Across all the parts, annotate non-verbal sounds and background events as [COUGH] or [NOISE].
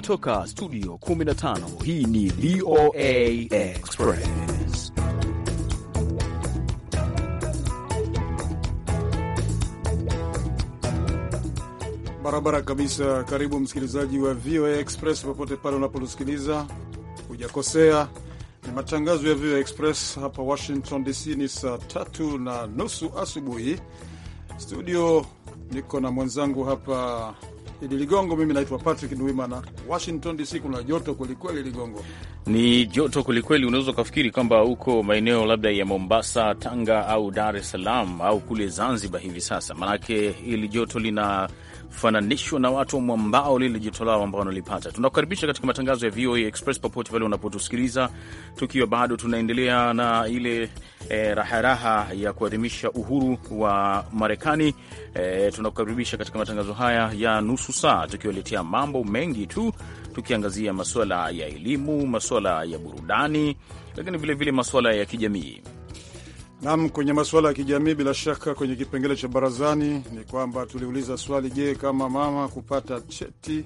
Kutoka studio 15 hii ni VOA Express. Barabara kabisa. Karibu msikilizaji wa VOA Express popote pale unapotusikiliza, hujakosea. Ni matangazo ya VOA Express hapa Washington DC. Ni saa tatu na nusu asubuhi. Studio niko na mwenzangu hapa Idi Ligongo. Mimi naitwa Patrick Ndwimana, Washington DC. Kuna joto kwelikweli, Ligongo, ni joto kwelikweli. Unaweza ukafikiri kwamba huko maeneo labda ya Mombasa, Tanga au Dar es Salaam au kule Zanzibar hivi sasa, maanake hili joto lina kufananishwa na watu wa mwambao lile jitolao ambao wanalipata. Tunakukaribisha katika matangazo ya VOA Express popote pale unapotusikiliza, tukiwa bado tunaendelea na ile e, raharaha ya kuadhimisha uhuru wa Marekani. E, tunakukaribisha katika matangazo haya ya nusu saa, tukiwaletea mambo mengi tu, tukiangazia masuala ya elimu, masuala ya burudani, lakini vilevile masuala ya kijamii. Nam, kwenye masuala ya kijamii, bila shaka kwenye kipengele cha barazani ni kwamba tuliuliza swali, je, kama mama kupata cheti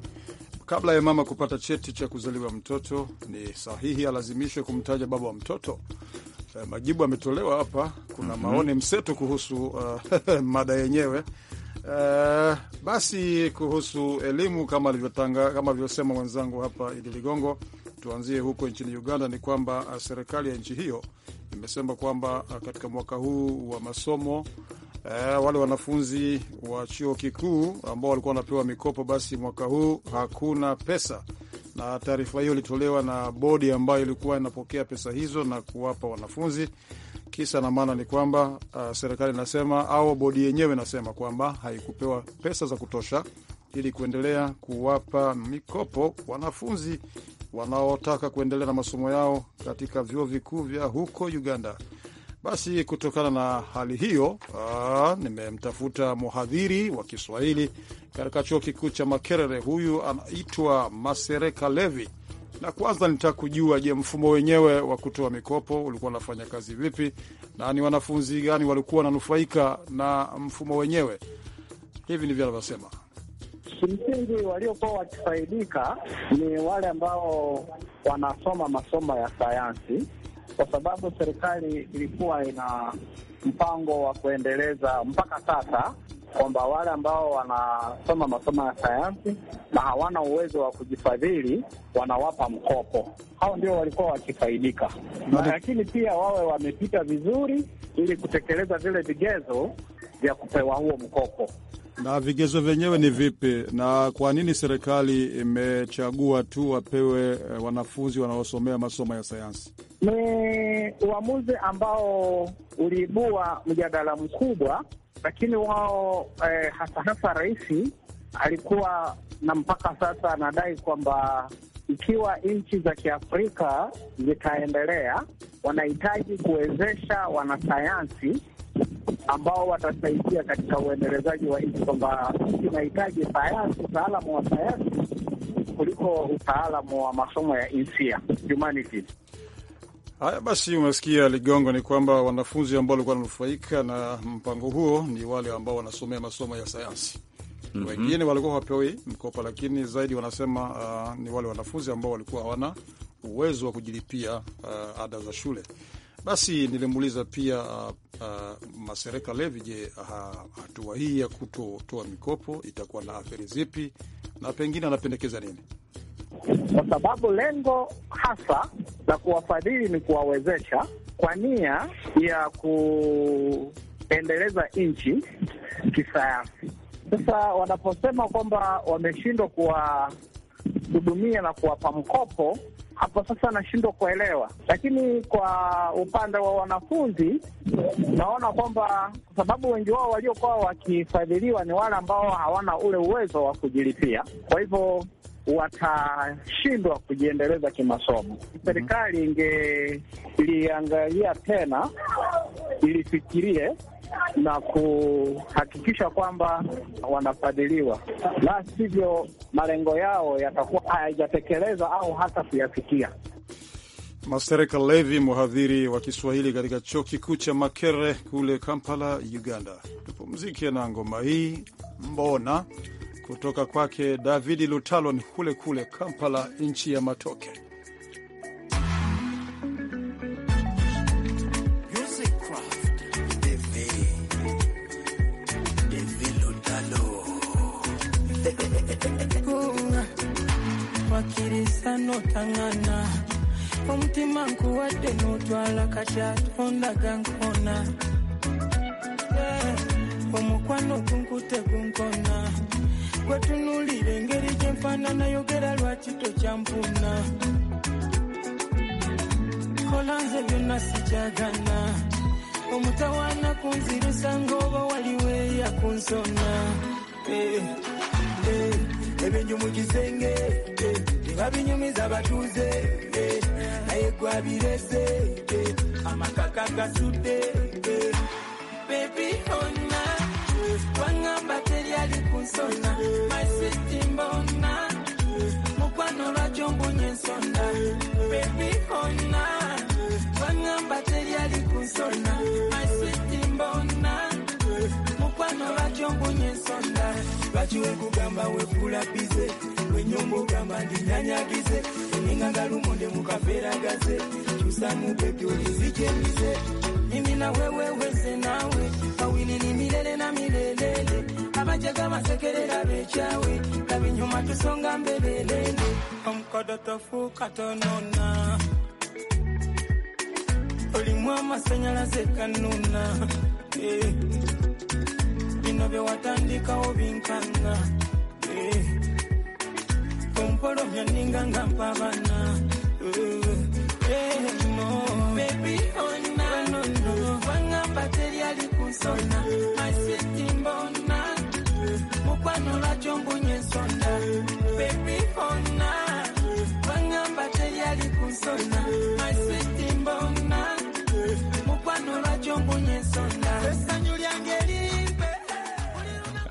kabla ya mama kupata cheti cha kuzaliwa mtoto ni sahihi alazimishwe kumtaja baba wa mtoto? E, majibu ametolewa hapa. Kuna mm -hmm. maoni mseto kuhusu uh, [LAUGHS] mada yenyewe uh, basi kuhusu elimu kama alivyotanga kama alivyosema mwenzangu hapa Idi Ligongo, tuanzie huko nchini Uganda. Ni kwamba uh, serikali ya nchi hiyo imesema kwamba uh, katika mwaka huu wa masomo eh, wale wanafunzi wa chuo kikuu ambao walikuwa wanapewa mikopo, basi mwaka huu hakuna pesa, na taarifa hiyo ilitolewa na bodi ambayo ilikuwa inapokea pesa hizo na kuwapa wanafunzi. Kisa na maana ni kwamba uh, serikali inasema au bodi yenyewe inasema kwamba haikupewa pesa za kutosha ili kuendelea kuwapa mikopo wanafunzi wanaotaka kuendelea na masomo yao katika vyuo vikuu vya huko Uganda. Basi kutokana na hali hiyo, ah, nimemtafuta mhadhiri wa Kiswahili katika chuo kikuu cha Makerere. Huyu anaitwa Masereka Levi, na kwanza nitaka kujua, je, mfumo wenyewe wa kutoa mikopo ulikuwa unafanya kazi vipi na ni wanafunzi gani walikuwa wananufaika na mfumo wenyewe? Hivi ndivyo anavyosema. Kimsingi waliokuwa wakifaidika ni wale ambao wanasoma masomo ya sayansi, kwa sababu serikali ilikuwa ina mpango wa kuendeleza mpaka sasa kwamba wale ambao wanasoma masomo ya sayansi na hawana uwezo wa kujifadhili wanawapa mkopo. Hao ndio walikuwa wakifaidika, lakini pia wawe wamepita vizuri ili kutekeleza vile vigezo vya kupewa huo mkopo. Na vigezo vyenyewe ni vipi, na kwa nini serikali imechagua tu wapewe eh, wanafunzi wanaosomea masomo ya sayansi? Ni uamuzi ambao uliibua mjadala mkubwa, lakini wao eh, hasa hasa rais alikuwa na mpaka sasa anadai kwamba ikiwa nchi za Kiafrika zitaendelea, wanahitaji kuwezesha wanasayansi ambao watasaidia katika uendelezaji wa nchi, kwamba nchi inahitaji sayansi, utaalamu wa sayansi kuliko utaalamu wa masomo ya insia humanity. Haya basi, umesikia Ligongo, ni kwamba wanafunzi ambao walikuwa wananufaika na mpango huo ni wale ambao wanasomea masomo ya sayansi. Mm -hmm. Wengine walikuwa hawapewi mkopo, lakini zaidi wanasema uh, ni wale wanafunzi ambao walikuwa hawana uwezo wa kujilipia uh, ada za shule. Basi nilimuuliza pia uh, uh, Masereka Levi, je, uh, hatua hii ya kutotoa mikopo itakuwa na athari zipi na pengine anapendekeza nini? Kwa sababu lengo hasa la kuwafadhili ni kuwawezesha kwa nia ya kuendeleza nchi kisayansi. Sasa wanaposema kwamba wameshindwa kuwahudumia na kuwapa mkopo hapo sasa nashindwa kuelewa. Lakini kwa upande wa wanafunzi, naona kwamba kwa sababu wengi wao waliokuwa wakifadhiliwa ni wale ambao hawana ule uwezo wa kujilipia, kwa hivyo watashindwa kujiendeleza kimasomo. Serikali ingeliangalia tena, ilifikirie na kuhakikisha kwamba wanafadhiliwa, la sivyo malengo yao yatakuwa hayajatekeleza au hata kuyafikia. Mastereka Levi, mhadhiri wa Kiswahili katika chuo kikuu cha makere kule Kampala, Uganda. Tupumzike na ngoma hii mbona, kutoka kwake Davidi Lutalon kule kule Kampala, nchi ya matoke. n'otangana omutima nkuwadde n'otwala kati atonda gankona omukwano gunkute gunkona gwetunulira engeri gyenfaanana yogera lwaki tokyampuna kola nze byonna sikyagana omutawaana kunzirusa ngaoba waliweeya ku nsona eh, eh, ebyenjo mu kisenge eh, babinyumiza batuze eh, naye gwabirese eh, amakaka kakasudde eh. bebi ona wangamba teryali kunsona masiti mbona mukwano lwakyo mbunye ensonda bebi ona wangamba teryali kunsona ekyokunya ensonda lwaki wekugamba wekulabize wenyumba ogamba ndinyanyagize eninga ngalumonde mukaperagaze kyusamubekyolizijemize nimi naweweweze naawe awinini mirere na mirelele abajaga masekerera becyawe kabinyuma tusonga mbebelele omukodo tofuuka tonona olimu amasanyalaze kanuna eh. navyowatandikawo binkana eh. kompolomya ninga nga mpabana eh. eh, wangamba teryali kunsona mbona mukwano lwakyo mbunye nsonda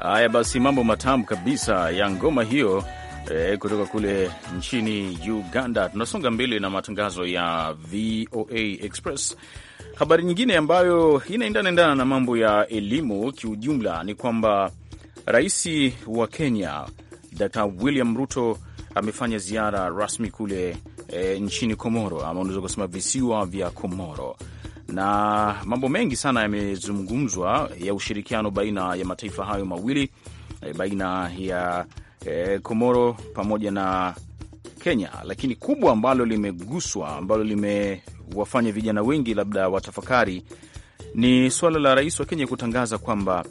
Haya basi, mambo matamu kabisa ya ngoma hiyo eh, kutoka kule nchini Uganda. Tunasonga mbele na matangazo ya VOA Express. Habari nyingine ambayo inaendanaendana na mambo ya elimu kiujumla ni kwamba rais wa Kenya Dr William Ruto amefanya ziara rasmi kule e, nchini Komoro ama unaweza kusema visiwa vya Komoro na mambo mengi sana yamezungumzwa ya ushirikiano baina ya mataifa hayo mawili, eh, baina ya eh, Komoro pamoja na Kenya, lakini kubwa ambalo limeguswa, ambalo limewafanya vijana wengi labda watafakari ni suala la rais wa Kenya kutangaza kwamba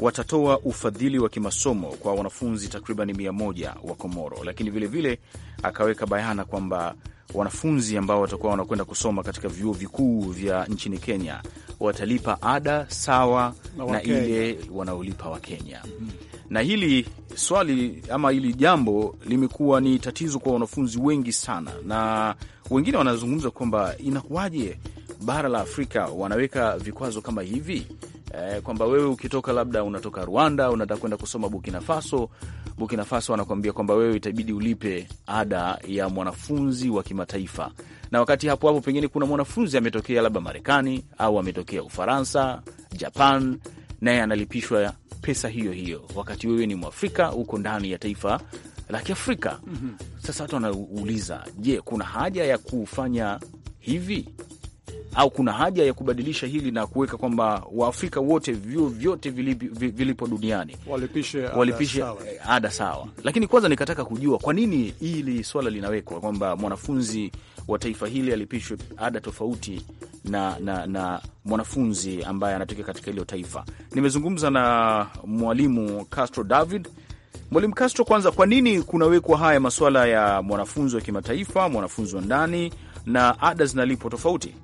watatoa ufadhili wa kimasomo kwa wanafunzi takriban mia moja wa Komoro, lakini vilevile vile, akaweka bayana kwamba wanafunzi ambao watakuwa wanakwenda kusoma katika vyuo vikuu vya nchini Kenya watalipa ada sawa na, na ile wanaolipa Kenya. mm -hmm. Na hili swali ama hili jambo limekuwa ni tatizo kwa wanafunzi wengi sana, na wengine wanazungumza kwamba inakuwaje bara la Afrika wanaweka vikwazo kama hivi eh, kwamba wewe ukitoka labda unatoka Rwanda unataka kwenda kusoma Burkina Faso, Burkina Faso anakuambia kwamba wewe itabidi ulipe ada ya mwanafunzi wa kimataifa, na wakati hapo hapo pengine kuna mwanafunzi ametokea labda Marekani au ametokea Ufaransa, Japan, naye analipishwa pesa hiyo hiyo, wakati wewe ni Mwafrika huko ndani ya taifa la Kiafrika. mm -hmm. Sasa watu wanauliza, je, kuna haja ya kufanya hivi? au kuna haja ya kubadilisha hili na kuweka kwamba Waafrika wote vyuo vyote vilipo duniani walipishe ada, walipishe sawa, ada sawa. Lakini kwanza nikataka kujua kwa nini hili swala linawekwa kwamba mwanafunzi wa taifa hili alipishwe ada tofauti na, na, na mwanafunzi ambaye anatokea katika hilo taifa. Nimezungumza na mwalimu Castro David. Mwalimu Castro, kwanza, kwa nini kunawekwa haya masuala ya mwanafunzi wa kimataifa, mwanafunzi wa ndani na ada zinalipwa tofauti?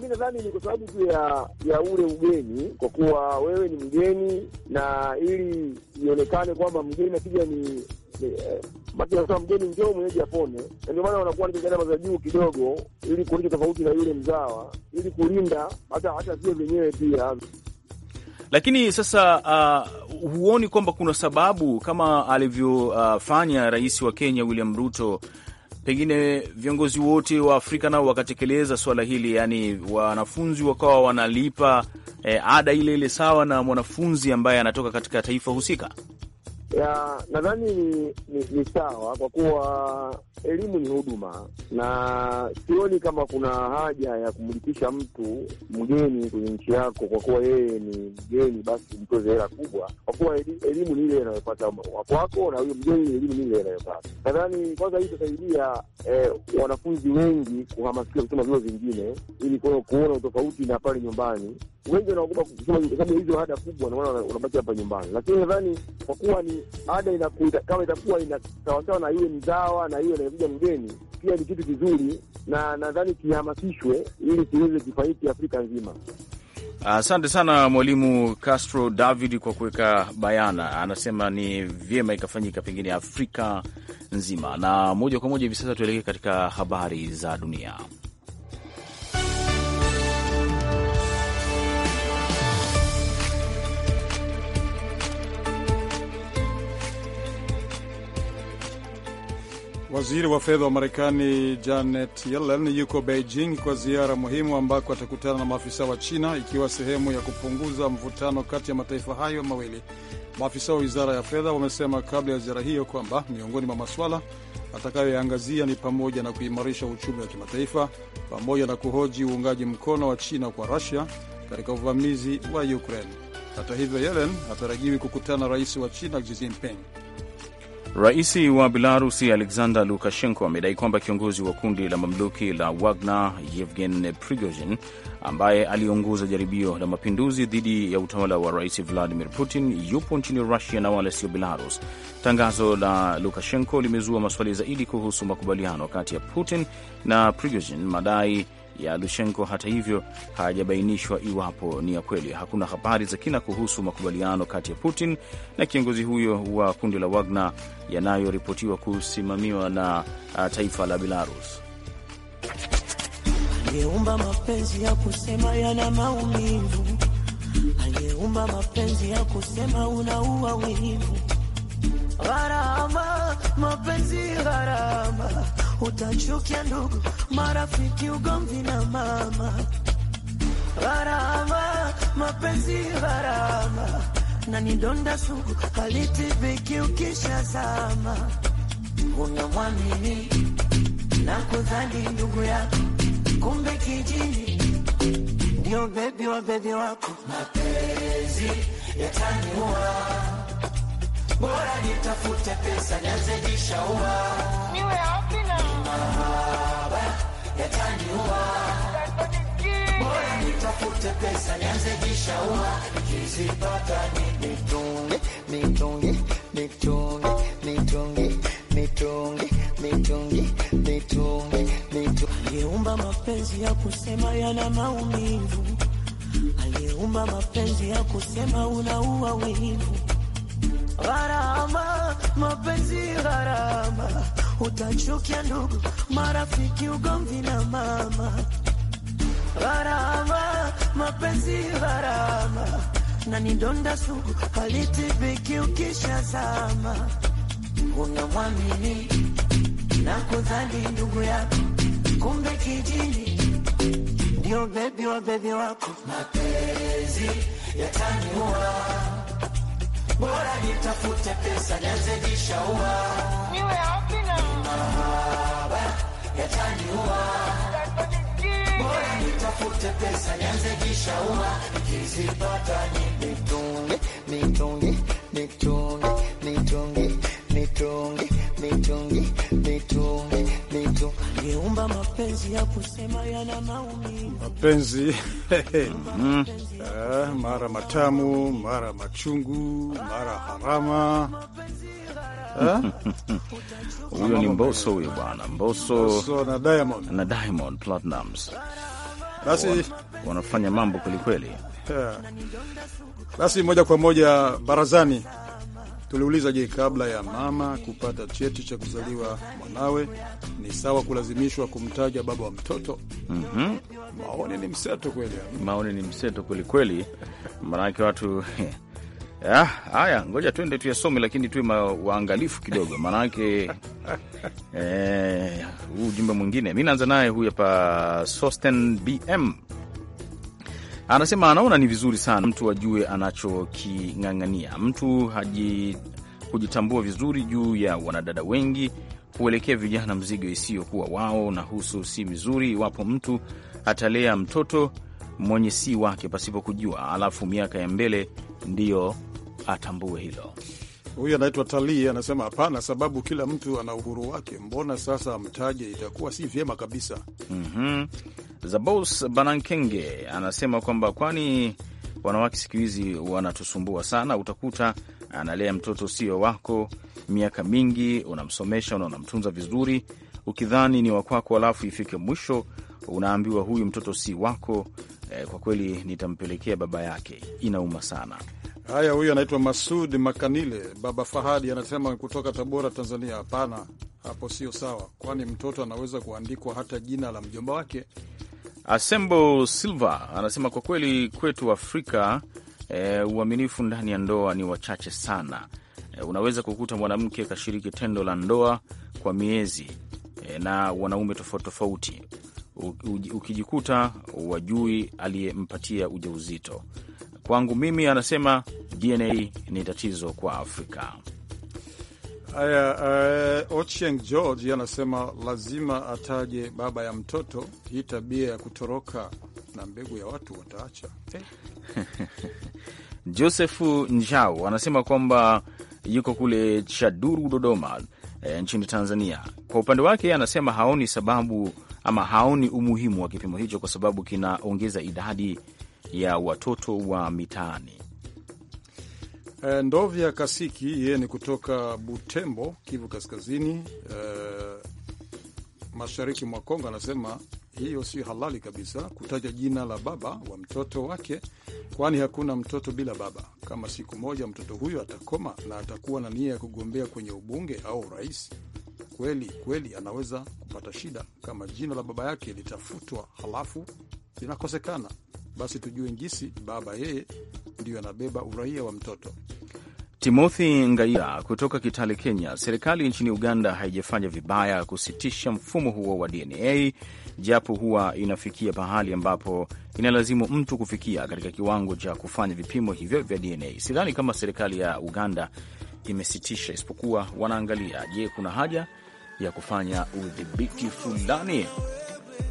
mi nadhani ni kwa sababu tu ya ya ule ugeni, kwa kuwa wewe ni mgeni, na ili ionekane kwamba mgeni akija ni eh, bakiasa mgeni njoo mwenyeji apone. Ndio maana wanakuwa ni gharama za juu kidogo, ili kuonyesha tofauti na yule mzawa, ili kulinda hata hata vio vyenyewe pia. Lakini sasa uh, huoni kwamba kuna sababu kama alivyofanya uh, rais wa Kenya William Ruto pengine viongozi wote wa Afrika nao wakatekeleza swala hili, yani wanafunzi wakawa wanalipa eh, ada ile ile sawa na mwanafunzi ambaye anatoka katika taifa husika. Nadhani ni, ni, ni sawa kwa kuwa elimu ni huduma, na sioni kama kuna haja ya kumlipisha mtu mgeni kwenye nchi yako kwa kuwa yeye ni mgeni, basi mtoze hela kubwa, kwa kuwa elimu ni ile inayopata wakwako na huyo mgeni, elimu ni ile inayopata. Nadhani kwanza hii itasaidia eh, wanafunzi wengi kuhamasika kusoma vio vingine ili kuona utofauti na pale nyumbani wengi wanaogopa kusema kwa sababu hizo ada kubwa, naona unabaki hapa nyumbani. Lakini nadhani kwa kuwa ni ada inakuita, kama itakuwa ina sawasawa na iwe mzawa na iwe inakuja mgeni, pia ni kitu kizuri, na nadhani kihamasishwe ili kiweze kifanyike Afrika nzima. Asante sana Mwalimu Castro David kwa kuweka bayana. Anasema ni vyema ikafanyika pengine Afrika nzima. Na moja kwa moja hivi sasa tuelekee katika habari za dunia. Waziri wa fedha wa Marekani Janet Yellen yuko Beijing kwa ziara muhimu ambako atakutana na maafisa wa China ikiwa sehemu ya kupunguza mvutano kati ya mataifa hayo mawili. Maafisa wa wizara ya fedha wamesema kabla ya ziara hiyo kwamba miongoni mwa maswala atakayoyaangazia ni pamoja na kuimarisha uchumi wa kimataifa pamoja na kuhoji uungaji mkono wa China kwa Rusia katika uvamizi wa Ukraine. Hata hivyo, Yellen hatarajiwi kukutana na rais wa China Xi Jinping. Rais wa Belarusi Alexander Lukashenko amedai kwamba kiongozi wa kundi la mamluki la Wagner Yevgen Prigozhin, ambaye aliongoza jaribio la mapinduzi dhidi ya utawala wa Rais Vladimir Putin, yupo nchini Rusia na wala sio Belarus. Tangazo la Lukashenko limezua maswali zaidi kuhusu makubaliano kati ya Putin na Prigozhin, madai ya Lushenko. Hata hivyo, hayajabainishwa iwapo ni ya kweli. Hakuna habari za kina kuhusu makubaliano kati ya Putin na kiongozi huyo wa kundi la Wagner yanayoripotiwa kusimamiwa na uh, taifa la Belarus. Aliyeumba mapenzi ya kusema yana maumivu, aliyeumba mapenzi ya kusema unaua wivu, gharama mapenzi gharama utachukia ndugu, marafiki, ugomvi na mama. Gharama mapenzi, gharama na ni donda sugu, halitibiki ukishazama. Unamwamini na kudhani ndugu yako, kumbe kijini ndio bebi wa bebi wako. Mapenzi yataniua, bora nitafute pesa nianze jishaua niwe mahaba Aliyeumba mapenzi ya kusema yana maumivu, aliyeumba mapenzi ya kusema unaua wivu Gharama mapenzi gharama, utachukia ndugu marafiki, ugomvi na mama, gharama mapenzi, gharama na ni donda sugu, halitibiki ukishazama. Unamwamini na kudhani ndugu yako, kumbe kijini ndio bebi wa bebi wako. Mapenzi yataniua, bora nitafute pesa nianze jishaua niwe hapi na yataniua, bora nitafute pesa nianze nikizipata mapenzi ya kusema yana maumivu mapenzi [LAUGHS] mm-hmm. eh, mara matamu mara machungu mara harama huyo ni Mboso huyo bwana Mboso, Mboso na Diamond, na Diamond Platnumz basi wanafanya mambo kwelikweli. Basi moja kwa moja barazani tuliuliza, je, kabla ya mama kupata cheti cha kuzaliwa mwanawe ni sawa kulazimishwa kumtaja baba wa mtoto? mm -hmm. Maoni ni mseto kweli, maoni ni mseto kwelikweli, maanake watu [LAUGHS] Ah, haya, ngoja tuende tuyasome, lakini tuwe waangalifu kidogo, maanake [LAUGHS] eh, huu ujumbe mwingine. Mi naanza naye huyu hapa, Sosten BM anasema anaona ni vizuri sana mtu ajue anachoking'ang'ania. Mtu haji kujitambua vizuri juu ya wanadada wengi kuelekea vijana mzigo isiyokuwa wao na husu si mizuri. Iwapo mtu atalea mtoto mwenye si wake pasipo kujua, alafu miaka ya mbele ndiyo atambue hilo. Huyu anaitwa Talii anasema hapana, sababu kila mtu ana uhuru wake. Mbona sasa amtaje? Itakuwa si vyema kabisa. mm -hmm. Zabos Banankenge anasema kwamba kwani wanawake siku hizi wanatusumbua sana. Utakuta analea mtoto sio wako miaka mingi, unamsomesha na unamtunza vizuri, ukidhani ni wakwako, alafu ifike mwisho unaambiwa huyu mtoto si wako. Eh, kwa kweli nitampelekea baba yake. Inauma sana. Haya, huyu anaitwa Masud Makanile. Baba Fahadi anasema kutoka Tabora, Tanzania. Hapana, hapo sio sawa, kwani mtoto anaweza kuandikwa hata jina la mjomba wake. Asembo Silva anasema kwa kweli kwetu Afrika e, uaminifu ndani ya ndoa ni wachache sana. E, unaweza kukuta mwanamke kashiriki tendo la ndoa kwa miezi e, na wanaume tofauti tofauti, ukijikuta wajui aliyempatia ujauzito Kwangu mimi, anasema DNA ni tatizo kwa Afrika. Haya, uh, eh, Ochieng George anasema lazima ataje baba ya mtoto. Hii tabia ya kutoroka na mbegu ya watu wataacha eh. [LAUGHS] Josefu Njau anasema kwamba yuko kule Chaduru, Dodoma, e, nchini Tanzania. Kwa upande wake anasema haoni sababu ama haoni umuhimu wa kipimo hicho kwa sababu kinaongeza idadi ya watoto wa mitaani. E, Ndovya Kasiki yeye ni kutoka Butembo, Kivu Kaskazini, e, mashariki mwa Kongo, anasema hiyo sio halali kabisa kutaja jina la baba wa mtoto wake, kwani hakuna mtoto bila baba. Kama siku moja mtoto huyo atakoma na atakuwa na nia ya kugombea kwenye ubunge au urais, kweli kweli anaweza kupata shida kama jina la baba yake litafutwa halafu linakosekana basi tujue jinsi baba yeye ndiyo anabeba uraia wa mtoto. Timothy Ngaia kutoka Kitale, Kenya. Serikali nchini Uganda haijafanya vibaya kusitisha mfumo huo wa DNA, japo huwa inafikia pahali ambapo inalazimu mtu kufikia katika kiwango cha ja kufanya vipimo hivyo vya DNA. Sidhani kama serikali ya Uganda imesitisha, isipokuwa wanaangalia, je, kuna haja ya kufanya udhibiti fulani?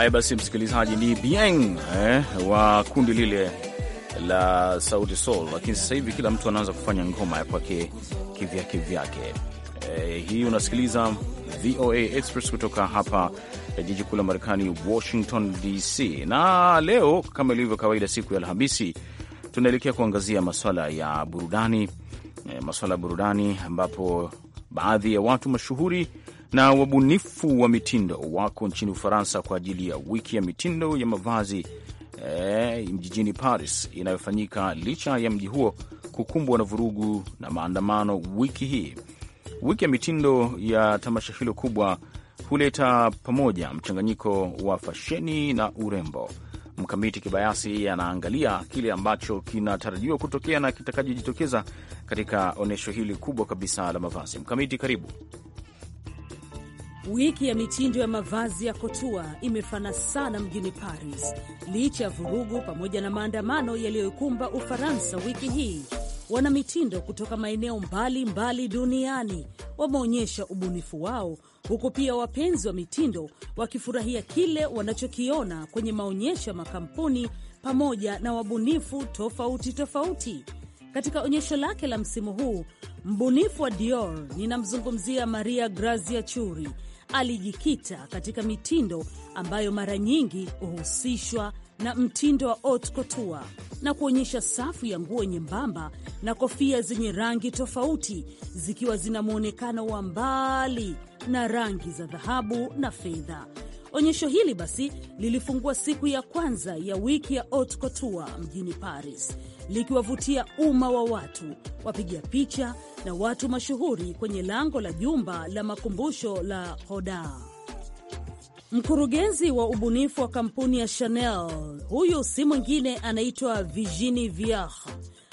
Haya basi, msikilizaji, ni Bien eh, wa kundi lile la Sauti Sol, lakini sasa hivi kila mtu anaanza kufanya ngoma ya kwake kivyake vyake. Eh, hii unasikiliza VOA Express kutoka hapa eh, jiji kuu la Marekani, Washington DC, na leo kama ilivyo kawaida, siku ya Alhamisi tunaelekea kuangazia maswala ya burudani, eh, maswala ya burudani ambapo baadhi ya watu mashuhuri na wabunifu wa mitindo wako nchini Ufaransa kwa ajili ya wiki ya mitindo ya mavazi e, jijini Paris inayofanyika licha ya mji huo kukumbwa na vurugu na maandamano wiki hii. Wiki ya mitindo ya tamasha hilo kubwa huleta pamoja mchanganyiko wa fasheni na urembo. Mkamiti Kibayasi anaangalia kile ambacho kinatarajiwa kutokea na kitakachojitokeza katika onyesho hili kubwa kabisa la mavazi. Mkamiti, karibu. Wiki ya mitindo ya mavazi ya kotua imefana sana mjini Paris, licha ya vurugu pamoja na maandamano yaliyoikumba Ufaransa wiki hii. Wanamitindo kutoka maeneo mbalimbali duniani wameonyesha ubunifu wao, huku pia wapenzi wa mitindo wakifurahia kile wanachokiona kwenye maonyesho ya makampuni pamoja na wabunifu tofauti tofauti. Katika onyesho lake la msimu huu, mbunifu wa Dior, ninamzungumzia Maria Grazia Churi, alijikita katika mitindo ambayo mara nyingi huhusishwa na mtindo wa haute couture na kuonyesha safu ya nguo nyembamba na kofia zenye rangi tofauti zikiwa zina mwonekano wa mbali na rangi za dhahabu na fedha. Onyesho hili basi lilifungua siku ya kwanza ya wiki ya haute couture mjini Paris likiwavutia umma wa watu, wapiga picha na watu mashuhuri kwenye lango la jumba la makumbusho la Hoda. Mkurugenzi wa ubunifu wa kampuni ya Chanel, huyu si mwingine anaitwa Virginie Viard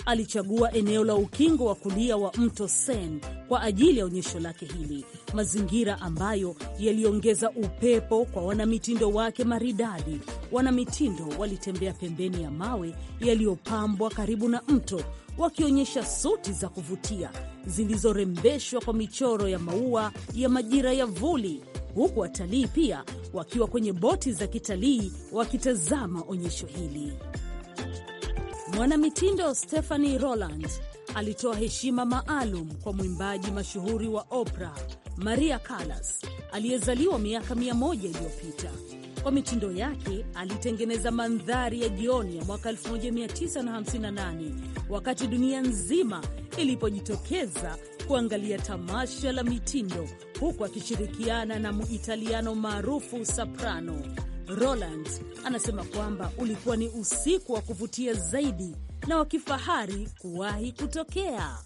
alichagua eneo la ukingo wa kulia wa mto sen kwa ajili ya onyesho lake hili, mazingira ambayo yaliongeza upepo kwa wanamitindo wake maridadi. Wanamitindo walitembea pembeni ya mawe yaliyopambwa karibu na mto, wakionyesha suti za kuvutia zilizorembeshwa kwa michoro ya maua ya majira ya vuli, huku watalii pia wakiwa kwenye boti za kitalii wakitazama onyesho hili. Mwanamitindo Stephanie Roland alitoa heshima maalum kwa mwimbaji mashuhuri wa opera Maria Callas aliyezaliwa miaka mia moja iliyopita. Kwa mitindo yake alitengeneza mandhari ya jioni ya mwaka 1958 wakati dunia nzima ilipojitokeza kuangalia tamasha la mitindo, huku akishirikiana na muitaliano maarufu soprano Roland anasema kwamba ulikuwa ni usiku wa kuvutia zaidi na wa kifahari kuwahi kutokea.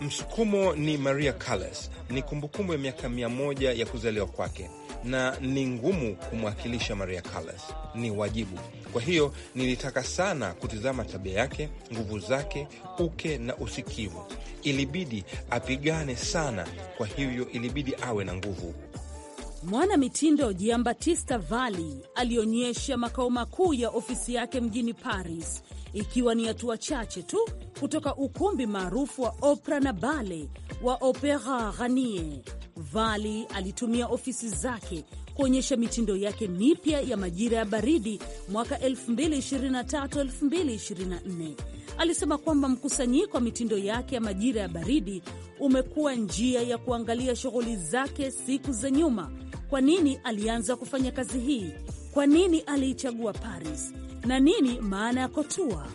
Msukumo ni Maria Callas, ni kumbukumbu ya miaka mia moja ya kuzaliwa kwake na ni ngumu kumwakilisha Maria Callas, ni wajibu. Kwa hiyo nilitaka sana kutizama tabia yake, nguvu zake, uke na usikivu. Ilibidi apigane sana, kwa hivyo ilibidi awe na nguvu. Mwana mitindo Giambattista Valli alionyesha makao makuu ya ofisi yake mjini Paris, ikiwa ni hatua chache tu kutoka ukumbi maarufu wa opera na bale wa Opera Garnier. Vali alitumia ofisi zake kuonyesha mitindo yake mipya ya majira ya baridi mwaka 2023-2024. Alisema kwamba mkusanyiko wa mitindo yake ya majira ya baridi umekuwa njia ya kuangalia shughuli zake siku za nyuma. Kwa nini alianza kufanya kazi hii? Kwa nini aliichagua Paris? na nini maana ya kotua?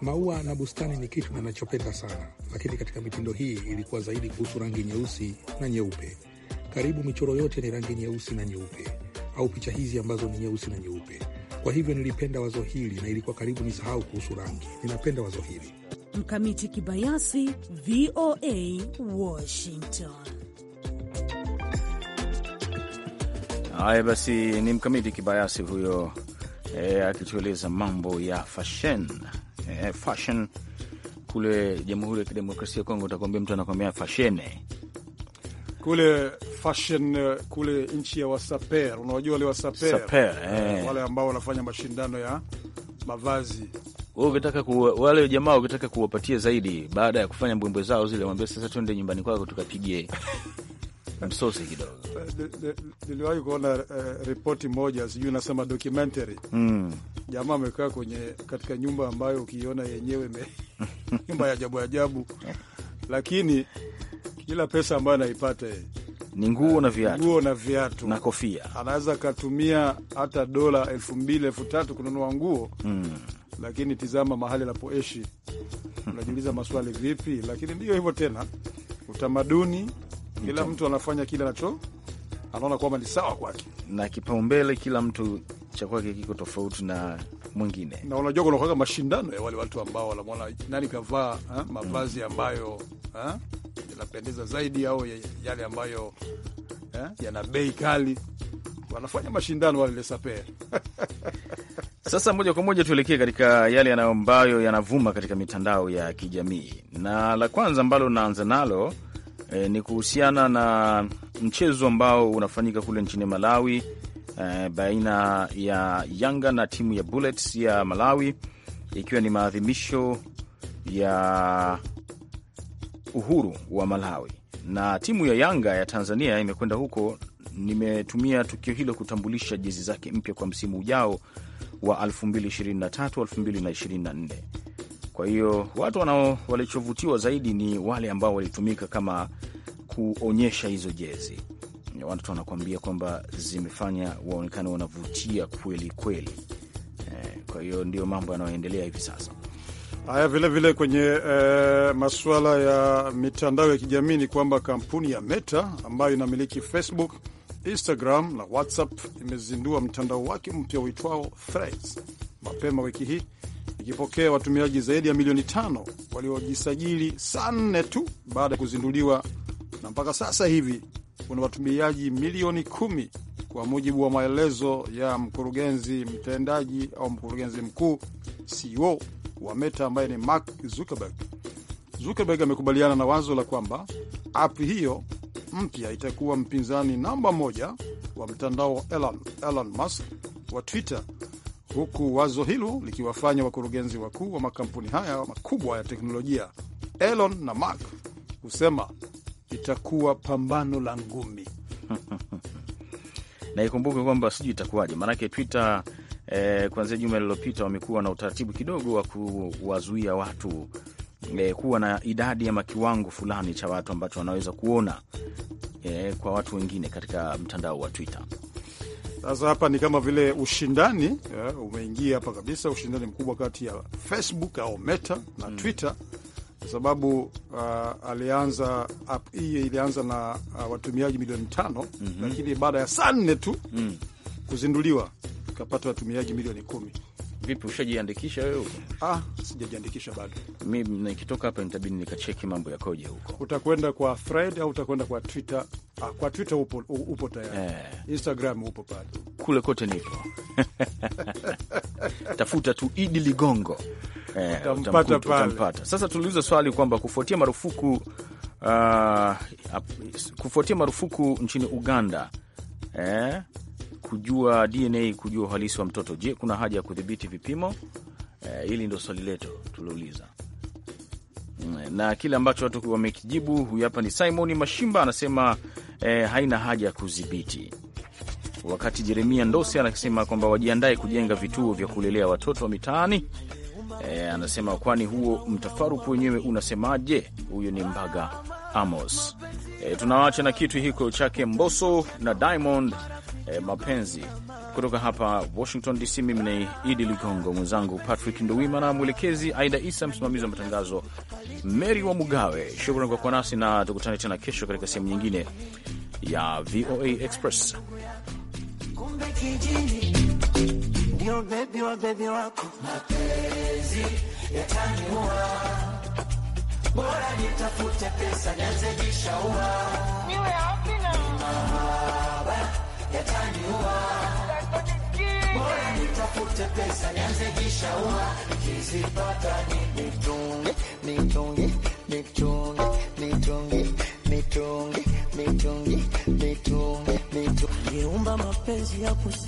Maua na bustani ni kitu ninachopenda sana, lakini katika mitindo hii ilikuwa zaidi kuhusu rangi nyeusi na nyeupe. Karibu michoro yote ni rangi nyeusi na nyeupe, au picha hizi ambazo ni nyeusi na nyeupe. Kwa hivyo nilipenda wazo hili na ilikuwa karibu nisahau kuhusu rangi. Ninapenda wazo hili. Mkamiti Kibayasi, VOA, Washington. Haya basi, ni mkamiti kibayasi huyo e, akitueleza mambo ya fashion e, fashion kule Jamhuri ya Kidemokrasia ya Kongo takuambia mtu anakwambia fashene kule fashion eh, kule nchi ya Wasaper. Unawajua wale Wasaper, Saper, eh, wale ambao wanafanya mashindano ya mavazi ukitaka wale jamaa ukitaka kuwapatia zaidi, baada ya kufanya mbwembwe zao zile, wambia sasa, tuende nyumbani kwako tukapigie [LAUGHS] msosi kidogo. Eh, niliwahi kuona eh, ripoti moja sijui nasema documentary mm. Jamaa amekaa kwenye katika nyumba ambayo ukiiona yenyewe me, [LAUGHS] nyumba ya ajabu ajabu, lakini kila pesa ambayo anaipata ni nguo na viatu, nguo na viatu na kofia. Anaweza akatumia hata dola elfu mbili elfu tatu kununua nguo mm. Lakini tizama mahali anapoishi hmm. unajiuliza maswali vipi? Lakini ndiyo hivyo tena, utamaduni kila mtu anafanya kile anacho anaona kwamba ni sawa kwake, na kipaumbele kila mtu cha kwake kiko tofauti na mwingine, na unajua kunakwaka mashindano ya wale watu ambao wanamwona nani kavaa mavazi ambayo yanapendeza zaidi au yale ambayo yana bei kali, wanafanya mashindano wale lesape [LAUGHS] Sasa moja kwa moja tuelekee katika yale ambayo yanavuma katika mitandao ya kijamii, na la kwanza ambalo naanza nalo e, ni kuhusiana na mchezo ambao unafanyika kule nchini Malawi e, baina ya Yanga na timu ya Bullets ya Malawi ikiwa ni maadhimisho ya uhuru wa Malawi na timu ya Yanga ya Tanzania imekwenda huko. Nimetumia tukio hilo kutambulisha jezi zake mpya kwa msimu ujao wa 2023 2024. Kwa hiyo watu wanao walichovutiwa zaidi ni wale ambao walitumika kama kuonyesha hizo jezi. Watu wanakuambia kwamba zimefanya waonekane wanavutia kweli kweli. Eh, kwa hiyo ndio mambo yanayoendelea hivi sasa. Haya, vilevile kwenye eh, masuala ya mitandao ya kijamii ni kwamba kampuni ya Meta ambayo inamiliki Facebook, Instagram na WhatsApp imezindua mtandao wake mpya uitwao Threads mapema wiki hii ikipokea watumiaji zaidi ya milioni tano waliojisajili saa nne tu baada ya kuzinduliwa, na mpaka sasa hivi kuna watumiaji milioni kumi kwa mujibu wa maelezo ya mkurugenzi mtendaji au mkurugenzi mkuu CEO wa Meta ambaye ni Mark Zuckerberg. Zuckerberg amekubaliana na wazo la kwamba app hiyo mpya itakuwa mpinzani namba moja wa mtandao Elon, Elon Musk wa Twitter huku wazo hilo likiwafanya wakurugenzi wakuu wa makampuni haya makubwa ya teknolojia Elon na Mark husema itakuwa pambano la ngumi. [LAUGHS] na ikumbuke kwamba sijui itakuwaje, maanake Twitter eh, kuanzia juma lililopita wamekuwa na utaratibu kidogo wa kuwazuia watu eh, kuwa na idadi ama kiwango fulani cha watu ambacho wanaweza kuona eh, kwa watu wengine katika mtandao wa Twitter. Sasa hapa ni kama vile ushindani yeah, umeingia hapa kabisa, ushindani mkubwa kati ya Facebook au Meta na mm. Twitter kwa sababu uh, alianza app hii ilianza na uh, watumiaji milioni tano mm -hmm. Lakini baada ya saa nne tu mm, kuzinduliwa ikapata watumiaji milioni kumi. Vipi, ushajiandikisha wewe? huko? Ah, sijajiandikisha bado. Mi nikitoka hapa nitabidi nikacheki mambo yakoje huko. Utakwenda kwa Fred au utakwenda kwa Twitter? Ah, kwa Twitter upo, upo tayari eh. Instagram upo pale, kule kote nipo [LAUGHS] tafuta tu Idi Ligongo eh, utampata, utampata. Sasa tuliuliza swali kwamba kufuatia marufuku uh, kufuatia marufuku nchini Uganda eh, kujua DNA, kujua uhalisi wa mtoto. Je, kuna haja ya kudhibiti vipimo? Eh, hili e, ndo swali letu tuliuliza mm, na kile ambacho watu wamekijibu. Huyu hapa ni Simon Mashimba anasema e, haina haja ya kudhibiti, wakati Jeremia Ndose anasema kwamba wajiandae kujenga vituo vya kulelea watoto wa mitaani. E, anasema kwani huo mtafaruku wenyewe unasemaje? Huyo ni Mbaga Amos. E, tunawacha na kitu hiko chake Mboso na Diamond eh, mapenzi kutoka hapa Washington DC. Mimi ni Idi Ligongo, mwenzangu Patrick Nduwima na mwelekezi Aida Isa, msimamizi wa matangazo Mary wa Mugawe. Shukrani kwa kuwa nasi na tukutane tena kesho katika sehemu nyingine ya VOA Express. bora nitafute pesa nianze jishaua niwe na yataniua, bora nitafute pesa nianze jishaua, ikizipata nitunge nitunge nitunge nitunge nitunge nitunge nitunge nitunge niumba mapenzi ya